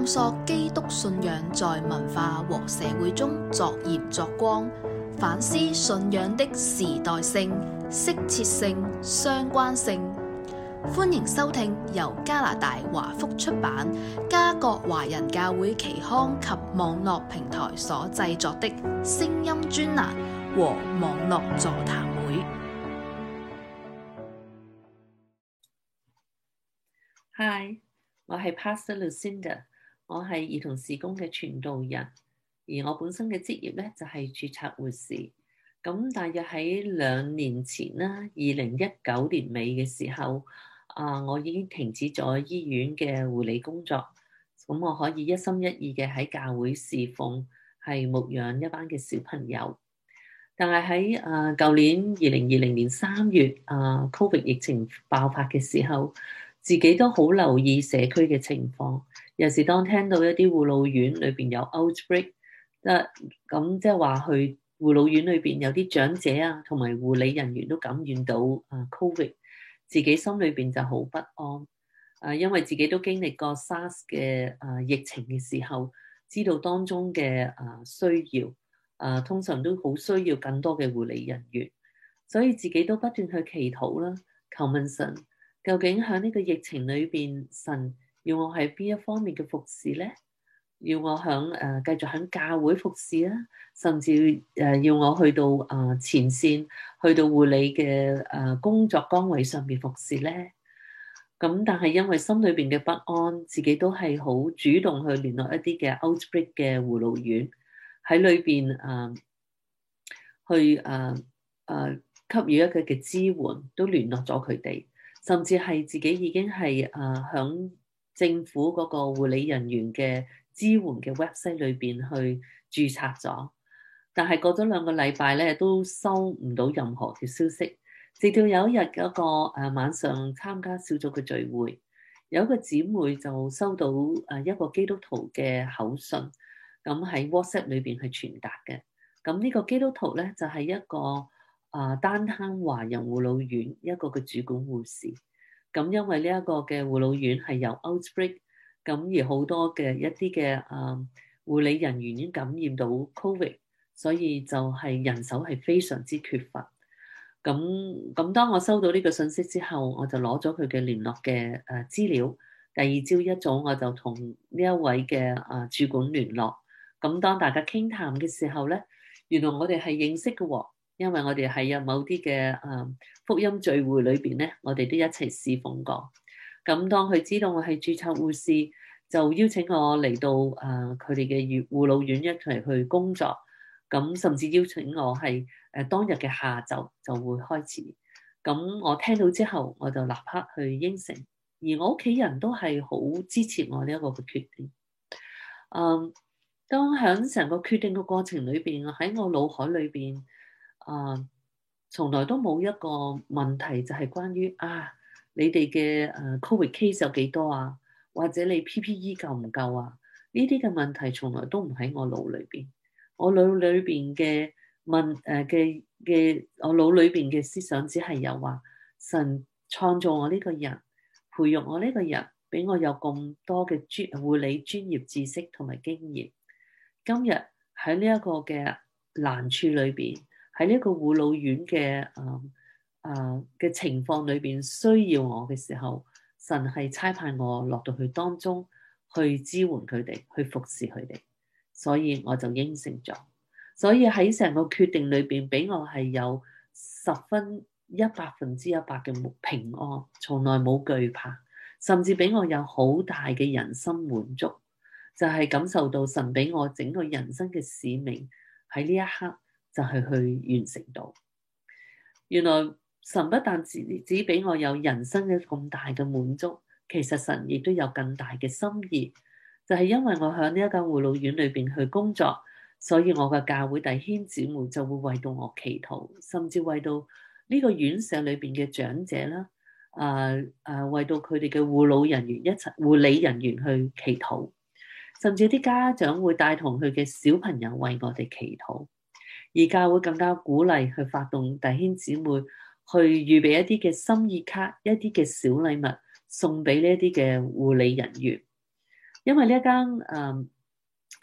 探索基督信仰在文化和社會中作鹽作光，反思信仰的時代性、適切性、相關性。歡迎收聽由加拿大華福出版、加國華人教會期刊及網絡平台所製作的聲音專欄和網絡座談會。Hi，我係 Pastor Lucinda。我係兒童事工嘅傳道人，而我本身嘅職業咧就係註冊護士。咁大約喺兩年前啦，二零一九年尾嘅時候，啊，我已經停止咗醫院嘅護理工作。咁我可以一心一意嘅喺教會侍奉，係牧養一班嘅小朋友。但係喺啊舊年二零二零年三月啊，COVID 疫情爆發嘅時候，自己都好留意社區嘅情況，尤其是當聽到一啲護老院裏邊有 outbreak，咁、啊，即係話去護老院裏邊有啲長者啊，同埋護理人員都感染到啊，covid，自己心裏邊就好不安啊，因為自己都經歷過 sars 嘅啊疫情嘅時候，知道當中嘅啊需要啊，通常都好需要更多嘅護理人員，所以自己都不斷去祈禱啦，求、啊、問神。究竟喺呢個疫情裏邊，神要我喺邊一方面嘅服侍咧？要我響誒繼續響教會服侍啊，甚至誒要我去到啊、呃、前線，去到護理嘅誒、呃、工作崗位上邊服侍咧？咁但係因為心裏邊嘅不安，自己都係好主動去聯絡一啲嘅 outbreak 嘅護老院，喺裏邊誒、呃、去誒誒、呃呃、給予一啲嘅支援，都聯絡咗佢哋。甚至係自己已經係誒響政府嗰個護理人員嘅支援嘅 website 裏邊去註冊咗，但係過咗兩個禮拜咧都收唔到任何嘅消息。直到有一日嗰個晚上參加小組嘅聚會，有一個姊妹就收到誒一個基督徒嘅口信，咁喺 WhatsApp 裏邊去傳達嘅。咁呢個基督徒咧就係一個。啊、呃、丹坑華人護老院一個嘅主管護士，咁、嗯、因為呢一個嘅護老院係由 outbreak，咁、嗯、而好多嘅一啲嘅啊護理人員已經感染到 covid，所以就係人手係非常之缺乏。咁、嗯、咁、嗯嗯，當我收到呢個信息之後，我就攞咗佢嘅聯絡嘅誒資料。第二朝一早，我就同呢一位嘅啊主管聯絡。咁、嗯嗯、當大家傾談嘅時候咧，原來我哋係認識嘅、哦。因為我哋係有某啲嘅誒福音聚會裏邊咧，我哋都一齊侍奉過。咁當佢知道我係註冊護士，就邀請我嚟到誒佢哋嘅護老院一齊去工作。咁甚至邀請我係誒當日嘅下晝就會開始。咁我聽到之後，我就立刻去應承，而我屋企人都係好支持我呢一個嘅決定。誒、嗯，當響成個決定嘅過程裏邊，喺我腦海裏邊。啊，從、uh, 來都冇一個問題，就係關於啊，你哋嘅誒，COVID case 有幾多啊？或者你 PPE 夠唔夠啊？呢啲嘅問題從來都唔喺我腦裏邊。我腦裏邊嘅問誒嘅嘅，我腦裏邊嘅思想只係有話神創造我呢個人，培育我呢個人，俾我有咁多嘅專護理專業知識同埋經驗。今日喺呢一個嘅難處裏邊，喺呢個護老院嘅誒誒嘅情況裏邊，需要我嘅時候，神係差派我落到去當中去支援佢哋，去服侍佢哋，所以我就應承咗。所以喺成個決定裏邊，俾我係有十分一百分之一百嘅平安，從來冇懼怕，甚至俾我有好大嘅人生滿足，就係、是、感受到神俾我整個人生嘅使命。喺呢一刻。就係去完成到。原來神不但止只俾我有人生嘅咁大嘅滿足，其實神亦都有更大嘅心意。就係、是、因為我喺呢一間護老院裏邊去工作，所以我嘅教會弟兄姊妹就會為到我祈禱，甚至為到呢個院舍裏邊嘅長者啦，誒、呃、誒、呃，為到佢哋嘅護老人員一齊護理人員去祈禱，甚至啲家長會帶同佢嘅小朋友為我哋祈禱。而家會更加鼓勵去發動弟兄姊妹去預備一啲嘅心意卡，一啲嘅小禮物送俾呢一啲嘅護理人員，因為呢一間誒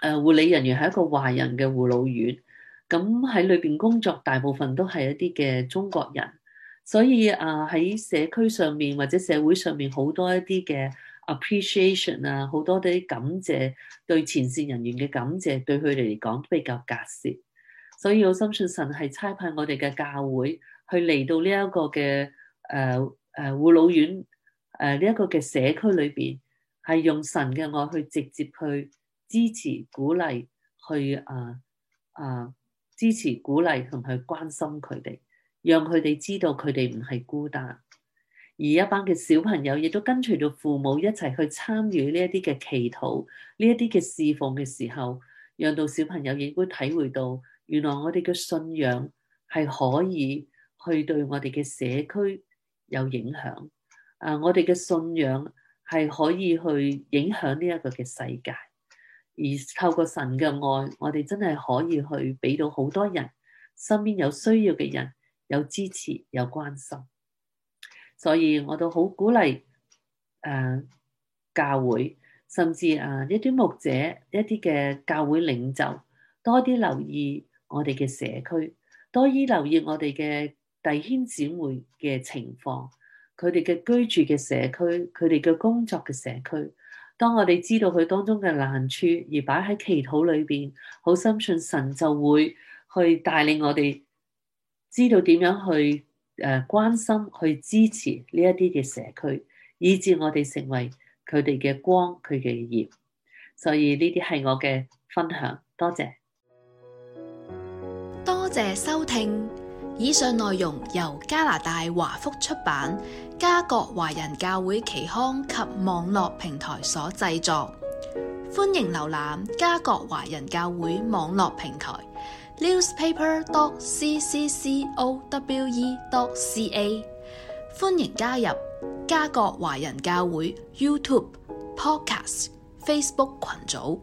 誒護理人員係一個華人嘅護老院，咁喺裏邊工作大部分都係一啲嘅中國人，所以啊喺、呃、社區上面或者社會上面好多一啲嘅 appreciation 啊，好多啲感謝對前線人員嘅感謝，對佢哋嚟講比較隔涉。所以我深信神係差派我哋嘅教會去嚟到呢一個嘅誒誒護老院誒呢一個嘅社區裏邊，係用神嘅愛去直接去支持鼓勵去啊啊支持鼓勵同去關心佢哋，讓佢哋知道佢哋唔係孤單。而一班嘅小朋友亦都跟隨到父母一齊去參與呢一啲嘅祈禱，呢一啲嘅侍奉嘅時候，讓到小朋友亦都體會到。原來我哋嘅信仰係可以去對我哋嘅社區有影響啊！我哋嘅信仰係可以去影響呢一個嘅世界，而透過神嘅愛，我哋真係可以去俾到好多人，身邊有需要嘅人，有支持，有關心，所以我都好鼓勵誒、啊、教會，甚至啊一啲牧者、一啲嘅教會領袖，多啲留意。我哋嘅社區多以留意我哋嘅弟兄姊妹嘅情況，佢哋嘅居住嘅社區，佢哋嘅工作嘅社區。當我哋知道佢當中嘅難處，而擺喺祈禱裏邊，好深信神就會去帶領我哋知道點樣去誒，關心去支持呢一啲嘅社區，以致我哋成為佢哋嘅光、佢嘅業。所以呢啲係我嘅分享，多謝。謝謝收聽，以上內容由加拿大華福出版，加國華人教會期刊及網絡平台所製作。歡迎瀏覽加國華人教會網絡平台 newspaper.cccowe.ca。歡迎加入加國華人教會 YouTube、Podcast、Facebook 群組。